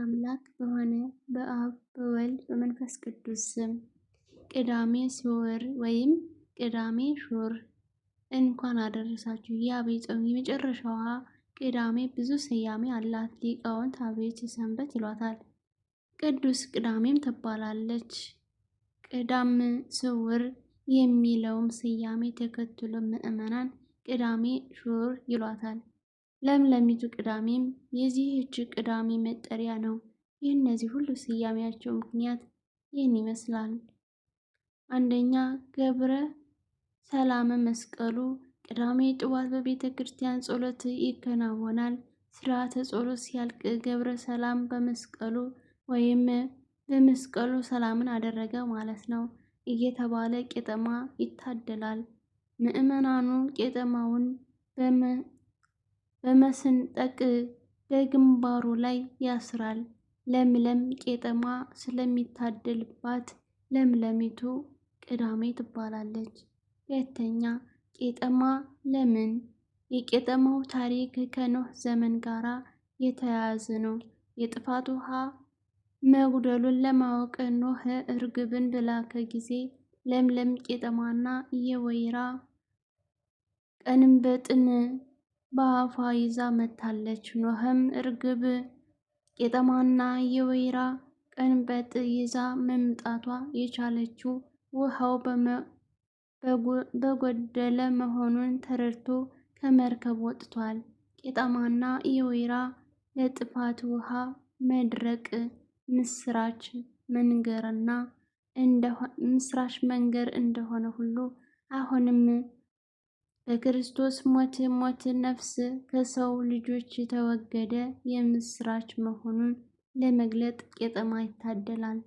አምላክ በሆነ በአብ በወልድ በመንፈስ ቅዱስ ስም ቅዳሜ ስዑር ወይም ቅዳሜ ሹር እንኳን አደረሳችሁ። የአብይ ጾም የመጨረሻዋ ቅዳሜ ብዙ ስያሜ አላት። ሊቃውንት አብይት ሰንበት ይሏታል። ቅዱስ ቅዳሜም ትባላለች። ቅዳም ስዑር የሚለውም ስያሜ ተከትሎ ምዕመናን ቅዳሜ ሹር ይሏታል። ለምለሚቱ ቅዳሜም የዚህ እጅግ ቅዳሜ መጠሪያ ነው። የእነዚህ ሁሉ ስያሜያቸው ምክንያት ይህን ይመስላል። አንደኛ ገብረ ሰላመ መስቀሉ ቅዳሜ ጥዋት በቤተ ክርስቲያን ጸሎት ይከናወናል። ስርዓተ ጸሎት ሲያልቅ ገብረ ሰላም በመስቀሉ ወይም በመስቀሉ ሰላምን አደረገ ማለት ነው እየተባለ ቄጠማ ይታደላል። ምዕመናኑ ቄጠማውን በመሰንጠቅ በግንባሩ ላይ ያስራል። ለምለም ቄጠማ ስለሚታደልባት ለምለሚቱ ቅዳሜ ትባላለች። ሁለተኛ ቄጠማ ለምን? የቄጠማው ታሪክ ከኖህ ዘመን ጋር የተያያዘ ነው። የጥፋት ውሃ መጉደሉን ለማወቅ ኖህ እርግብን በላከ ጊዜ ለምለም ቄጠማና የወይራ ቀንበጥን በአፏ ይዛ መታለች። ኖህም እርግብ ቄጠማና የወይራ ቀንበጥ ይዛ መምጣቷ የቻለችው ውሃው በጎደለ መሆኑን ተረድቶ ከመርከብ ወጥቷል። ቄጠማና የወይራ ለጥፋት ውሃ መድረቅ ምስራች መንገርና ምስራች መንገር እንደሆነ ሁሉ አሁንም በክርስቶስ ሞት ሞት ነፍስ ከሰው ልጆች የተወገደ የምስራች መሆኑን ለመግለጥ ቄጠማ ይታደላል።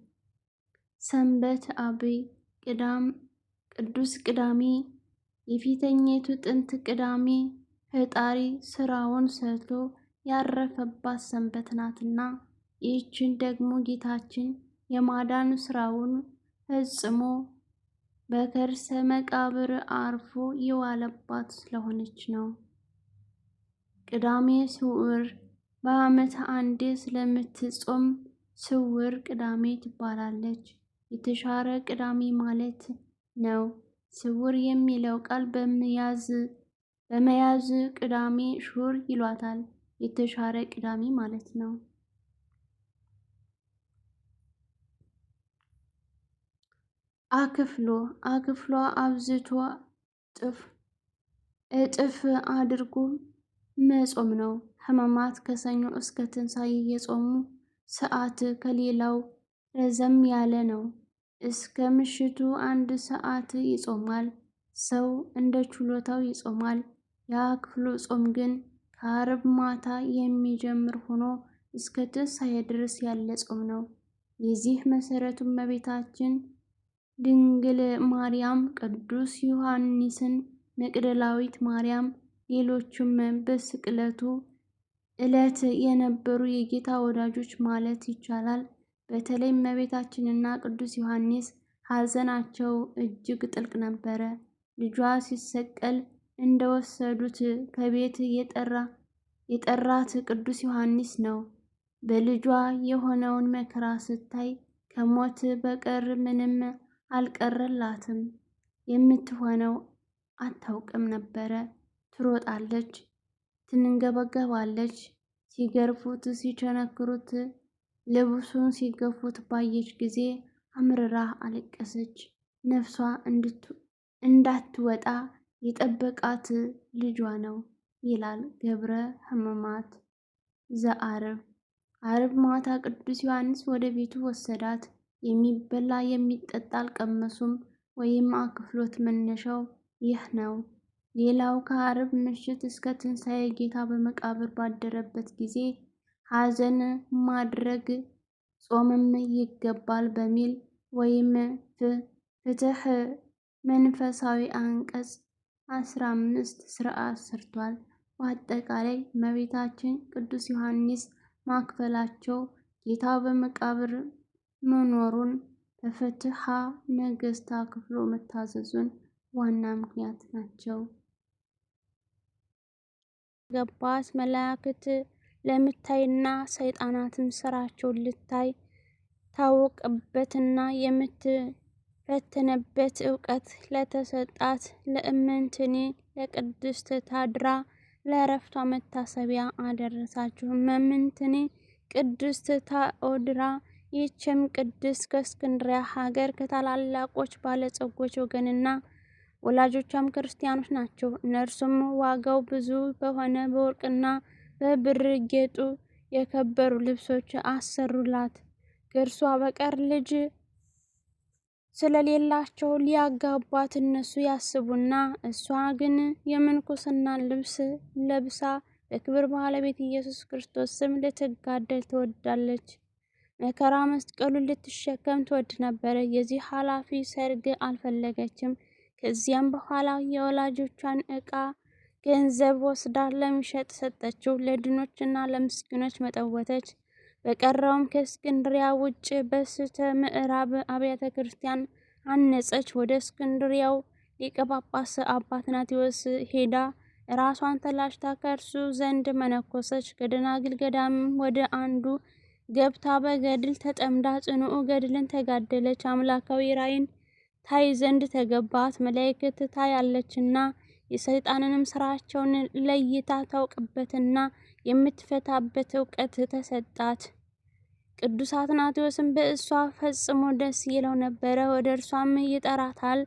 ሰንበት አብይ ቅዳም ቅዱስ ቅዳሜ የፊተኛይቱ ጥንት ቅዳሜ ፈጣሪ ስራውን ሰርቶ ያረፈባት ሰንበት ናትና ይህችን ደግሞ ጌታችን የማዳን ስራውን ፈጽሞ በከርሰ መቃብር አርፎ የዋለባት ስለሆነች ነው። ቅዳሜ ስዑር በዓመት አንዴ ስለምትጾም ስውር ቅዳሜ ትባላለች። የተሻረ ቅዳሜ ማለት ነው። ስውር የሚለው ቃል በመያዝ ቅዳሜ ሹር ይሏታል። የተሻረ ቅዳሜ ማለት ነው። አክፍሎ አክፍሎ አብዝቶ ጥፍ እጥፍ አድርጎ መጾም ነው። ህመማት ከሰኞ እስከ ትንሣኤ የጾሙ ሰዓት ከሌላው ረዘም ያለ ነው። እስከ ምሽቱ አንድ ሰዓት ይጾማል። ሰው እንደ ችሎታው ይጾማል። የአክፍሎ ጾም ግን ከአርብ ማታ የሚጀምር ሆኖ እስከ ትንሣኤ ድረስ ያለ ጾም ነው። የዚህ መሠረቱ እመቤታችን ድንግል ማርያም፣ ቅዱስ ዮሐንስን፣ መቅደላዊት ማርያም፣ ሌሎቹም በስቅለቱ ዕለት የነበሩ የጌታ ወዳጆች ማለት ይቻላል። በተለይ እመቤታችንና ቅዱስ ዮሐንስ ሐዘናቸው እጅግ ጥልቅ ነበረ። ልጇ ሲሰቀል እንደወሰዱት ከቤት የጠራት ቅዱስ ዮሐንስ ነው። በልጇ የሆነውን መከራ ስታይ ከሞት በቀር ምንም አልቀረላትም። የምትሆነው አታውቅም ነበረ። ትሮጣለች፣ ትንገበገባለች። ሲገርፉት፣ ሲቸነክሩት፣ ልብሱን ሲገፉት ባየች ጊዜ አምርራ አለቀሰች። ነፍሷ እንዳትወጣ የጠበቃት ልጇ ነው ይላል ገብረ ሕማማት ዘአርብ። አርብ ማታ ቅዱስ ዮሐንስ ወደ ቤቱ ወሰዳት። የሚበላ የሚጠጣ አልቀመሱም ወይም አክፍሎት መነሻው ይህ ነው። ሌላው ከአርብ ምሽት እስከ ትንሣኤ ጌታ በመቃብር ባደረበት ጊዜ ሐዘን ማድረግ ጾምም ይገባል በሚል ወይም ፍትሕ መንፈሳዊ አንቀጽ 15 ስርዓት ሰርቷል። በአጠቃላይ እመቤታችን ቅዱስ ዮሐንስ ማክፈላቸው ጌታ በመቃብር መኖሩን በፍትሐ ነገሥት አክፍሎ መታዘዙን ዋና ምክንያት ናቸው። ገባት መላእክት ለምታይና ሰይጣናትም ስራቸውን ልታይ ታወቅበትና የምትፈተንበት እውቀት ለተሰጣት ለእመንትኔ ለቅድስት ታድራ ለእረፍቷ መታሰቢያ አደረሳችሁ። እመምኔት ቅድስት ታኦድራ ይህችም ቅድስት ከእስክንድሪያ ሀገር ከታላላቆች ባለጸጎች ወገንና ወላጆቿም ክርስቲያኖች ናቸው። እነርሱም ዋጋው ብዙ በሆነ በወርቅና በብር ጌጡ የከበሩ ልብሶች አሰሩላት። ከእርሷ በቀር ልጅ ስለሌላቸው ሊያጋቧት እነሱ ያስቡና፣ እሷ ግን የምንኩስና ልብስ ለብሳ በክብር ባለቤት ኢየሱስ ክርስቶስ ስም ልትጋደል ትወዳለች። መከራ መስቀሉን ልትሸከም ትወድ ነበረ። የዚህ ኃላፊ ሰርግ አልፈለገችም። ከዚያም በኋላ የወላጆቿን እቃ ገንዘብ ወስዳ ለሚሸጥ ሰጠችው። ለድኖችና ለምስኪኖች መጠወተች። በቀረውም ከእስክንድሪያ ውጭ በስተ ምዕራብ አብያተ ክርስቲያን አነጸች። ወደ እስክንድሪያው ሊቀ ጳጳስ አባ ትናቴዎስ ሄዳ ራሷን ተላጭታ ከእርሱ ዘንድ መነኮሰች። ከደናግል ገዳምም ወደ አንዱ ገብታ በገድል ተጠምዳ ጽኑዑ ገድልን ተጋደለች። አምላካዊ ራእይን ታይ ዘንድ ተገባት። መላእክት ታያለችና የሰይጣንንም ስራቸውን ለይታ ታውቅበትና የምትፈታበት እውቀት ተሰጣት። ቅዱስ አትናቴዎስም በእሷ ፈጽሞ ደስ ይለው ነበረ። ወደ እርሷም ይጠራታል፣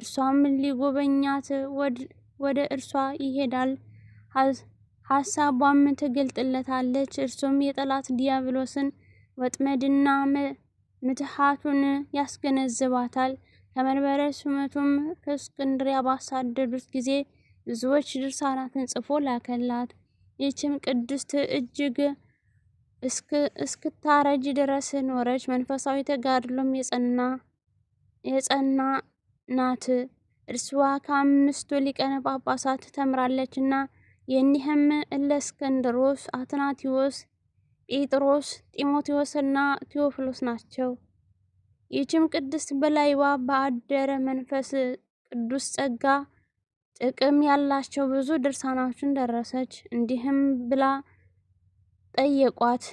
እርሷም ሊጎበኛት ወደ እርሷ ይሄዳል። ሐሳቧም ትገልጥለታለች። እርሱም የጠላት ዲያብሎስን ወጥመድና ምትሃቱን ያስገነዝባታል። ከመንበረ ሹመቱም ከእስክንድርያ ባሳደዱት ጊዜ ብዙዎች ድርሳናትን ጽፎ ላከላት። ይህችም ቅድስት እጅግ እስክታረጅ ድረስ ኖረች። መንፈሳዊ ተጋድሎም የጸና ናት። እርስዋ ከአምስቱ ሊቀነ ጳጳሳት ተምራለችና የኒህም እለ አትናቲዎስ፣ አትናቴዎስ፣ ጴጥሮስ፣ ጢሞቴዎስና ቴዎፍሎስ ናቸው። ይችም ቅድስት በላይዋ በአደረ መንፈስ ቅዱስ ጸጋ ጥቅም ያላቸው ብዙ ድርሳናችን ደረሰች። እንዲህም ብላ ጠየቋት፣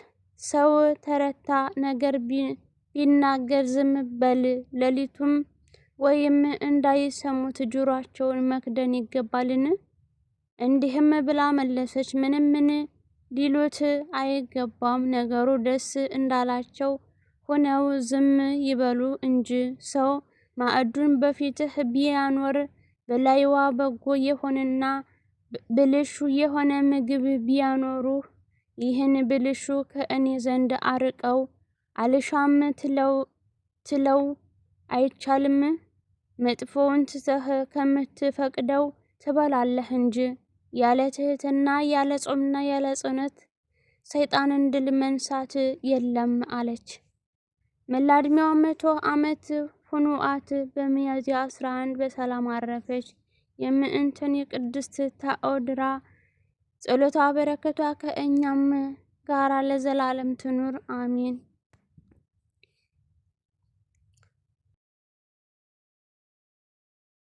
ሰው ተረታ ነገር ቢናገር ዝም በል፣ ሌሊቱም ወይም እንዳይሰሙት ጆሯቸውን መክደን ይገባልን? እንዲህም ብላ መለሰች፣ ምንም ምን ሊሉት አይገባም። ነገሩ ደስ እንዳላቸው ሆነው ዝም ይበሉ እንጂ ሰው ማዕዱን በፊትህ ቢያኖር በላይዋ በጎ የሆነና ብልሹ የሆነ ምግብ ቢያኖሩህ ይህን ብልሹ ከእኔ ዘንድ አርቀው አልሻም ትለው አይቻልም? መጥፎውን ትተህ ከምትፈቅደው ትበላለህ እንጂ ያለ ትህትና ያለ ጾምና ያለ ጽነት ሰይጣንን ድል መንሳት የለም አለች። መላ ዕድሜዋ መቶ ዓመት ሁኑአት በሚያዝያ 11 በሰላም አረፈች። የምእንትን የቅድስት ታኦድራ ጸሎቷ በረከቷ ከእኛም ጋራ ለዘላለም ትኑር አሚን።